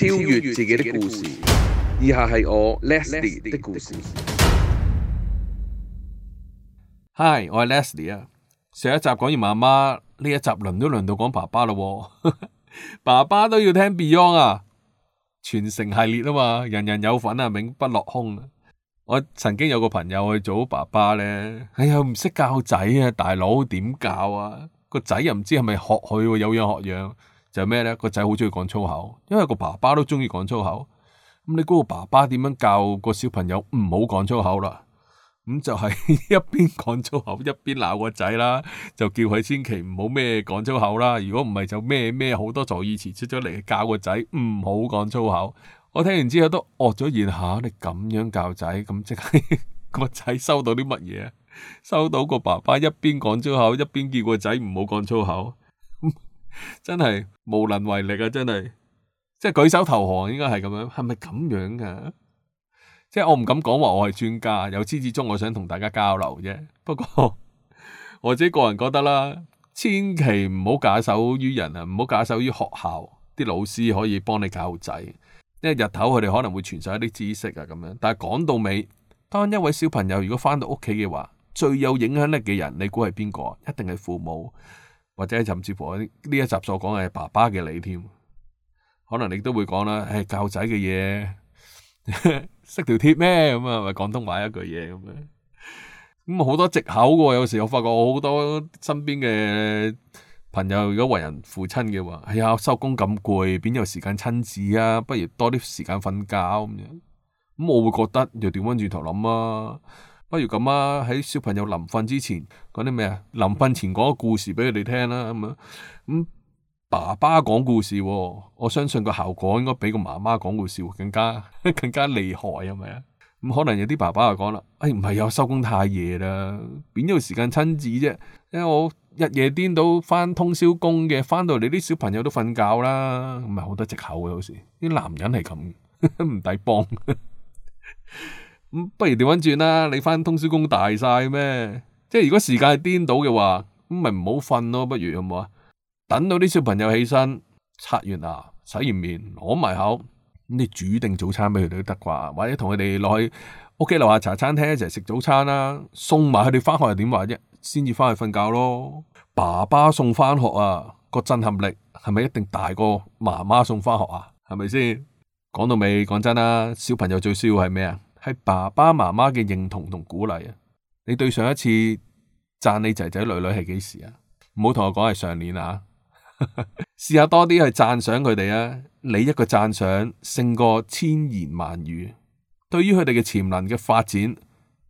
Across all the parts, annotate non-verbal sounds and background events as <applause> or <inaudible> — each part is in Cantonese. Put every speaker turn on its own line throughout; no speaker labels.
超越自己的故事，以下係我 Leslie 的故事。Hi，我係 Leslie 啊。上一集講完媽媽，呢一集輪都輪到講爸爸咯，哦。 <laughs> 爸爸都要聽 Beyond 啊，傳承系列啊嘛，人人有份啊，永不落空，啊。我曾經有個朋友去做爸爸呢，哎呀唔識教仔啊，大佬點教啊？個仔又唔知係咪學佢，啊、有樣學樣。就咩咧？個仔好鍾意講粗口，因為個爸爸都鍾意講粗口。咁你估個爸爸點樣教個小朋友唔好講粗口啦？咁就係一邊講粗口一邊鬧個仔啦，就叫佢千祈唔好咩講粗口啦。如果唔係就咩咩好多助語詞出咗嚟教個仔唔好講粗口。我聽完之後都愕咗一下，你咁樣教仔咁即係個仔收到啲乜嘢啊？收到個爸爸一邊講粗口一邊叫個仔唔好講粗口。真係無能為力啊！真係，即係舉手投降，應該係咁樣，係咪咁樣噶？即係我唔敢講話，我係專家，有始至終，我想同大家交流啫。不過我自己個人覺得啦，千祈唔好假手於人啊，唔好假手於學校啲老師可以幫你教仔，因為日頭佢哋可能會傳授一啲知識啊咁樣。但係講到尾，當一位小朋友如果翻到屋企嘅話，最有影響力嘅人，你估係邊個啊？一定係父母。或者甚至乎呢一集所講嘅爸爸嘅你添，可能你都會講啦，誒、哎、教仔嘅嘢， <laughs> 識條鐵咩咁啊？咪廣東話一句嘢咁樣。咁好多藉口嘅喎，有時我發覺我好多身邊嘅朋友如果為人父親嘅話，哎呀，收工咁攰，邊有時間親子啊？不如多啲時間瞓覺咁樣。咁我會覺得又調翻轉頭諗啊！不如咁啊！喺小朋友臨瞓之前講啲咩啊？臨瞓前講個故事畀佢哋聽啦咁樣。咁、嗯、爸爸講故事、啊，我相信個效果應該比個媽媽講故事、啊、會更加更加厲害，係咪啊？咁、嗯、可能有啲爸爸就講啦，唉、哎，唔係我收工太夜啦，邊有時間親子啫？因為我日夜顛倒，翻通宵工嘅，翻到嚟啲小朋友都瞓覺啦，唔、嗯、係、啊、好多借口嘅，有時啲男人係咁，唔抵幫。 <laughs> 嗯、不如調翻轉啦，你翻通宵工大晒咩？即係如果時間係顛倒嘅話，咁咪唔好瞓咯。不如好唔好啊？等到啲小朋友起身，刷完牙、洗完面、攞埋口，你煮定早餐畀佢哋都得啩？或者同佢哋落去屋企樓下茶餐廳一齊食早餐啦、啊。送埋佢哋翻學又點話啫？先至翻去瞓覺咯。爸爸送翻學啊，個震撼力係咪一定大過媽媽送翻學啊？係咪先？講到尾，講真啦，小朋友最需要係咩啊？係爸爸媽媽嘅認同同鼓勵啊！你對上一次讚你仔仔女女係幾時啊？唔好同我講係上年啦，試下多啲去讚賞佢哋啊！你一個讚賞，勝過千言萬語，對於佢哋嘅潛能嘅發展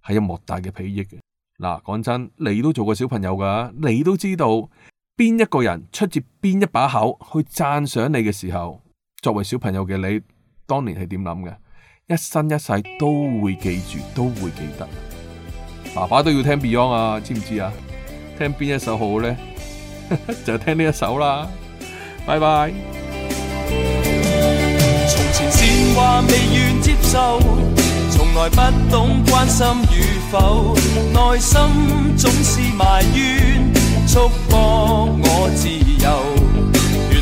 係有莫大嘅裨益嘅。嗱，講真，你都做過小朋友噶，你都知道邊一個人出自邊一把口去讚賞你嘅時候，作為小朋友嘅你當年係點諗嘅？一生一世都會記住，都會記得。爸爸都要聽 Beyond 啊，知唔知啊？聽邊一首好呢？ <laughs> 就聽呢一首啦。拜拜。
從前善話未願接受，從來不懂關心與否。內心總是埋怨，束縛我自由。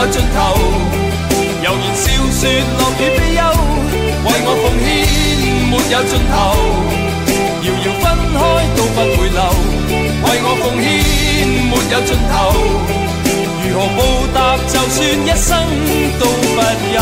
沒有盡頭，悠然笑說，樂與悲憂，為我奉獻沒有盡頭。遙遙分開都不回流，為我奉獻沒有盡頭。如何報答？就算一生都不休。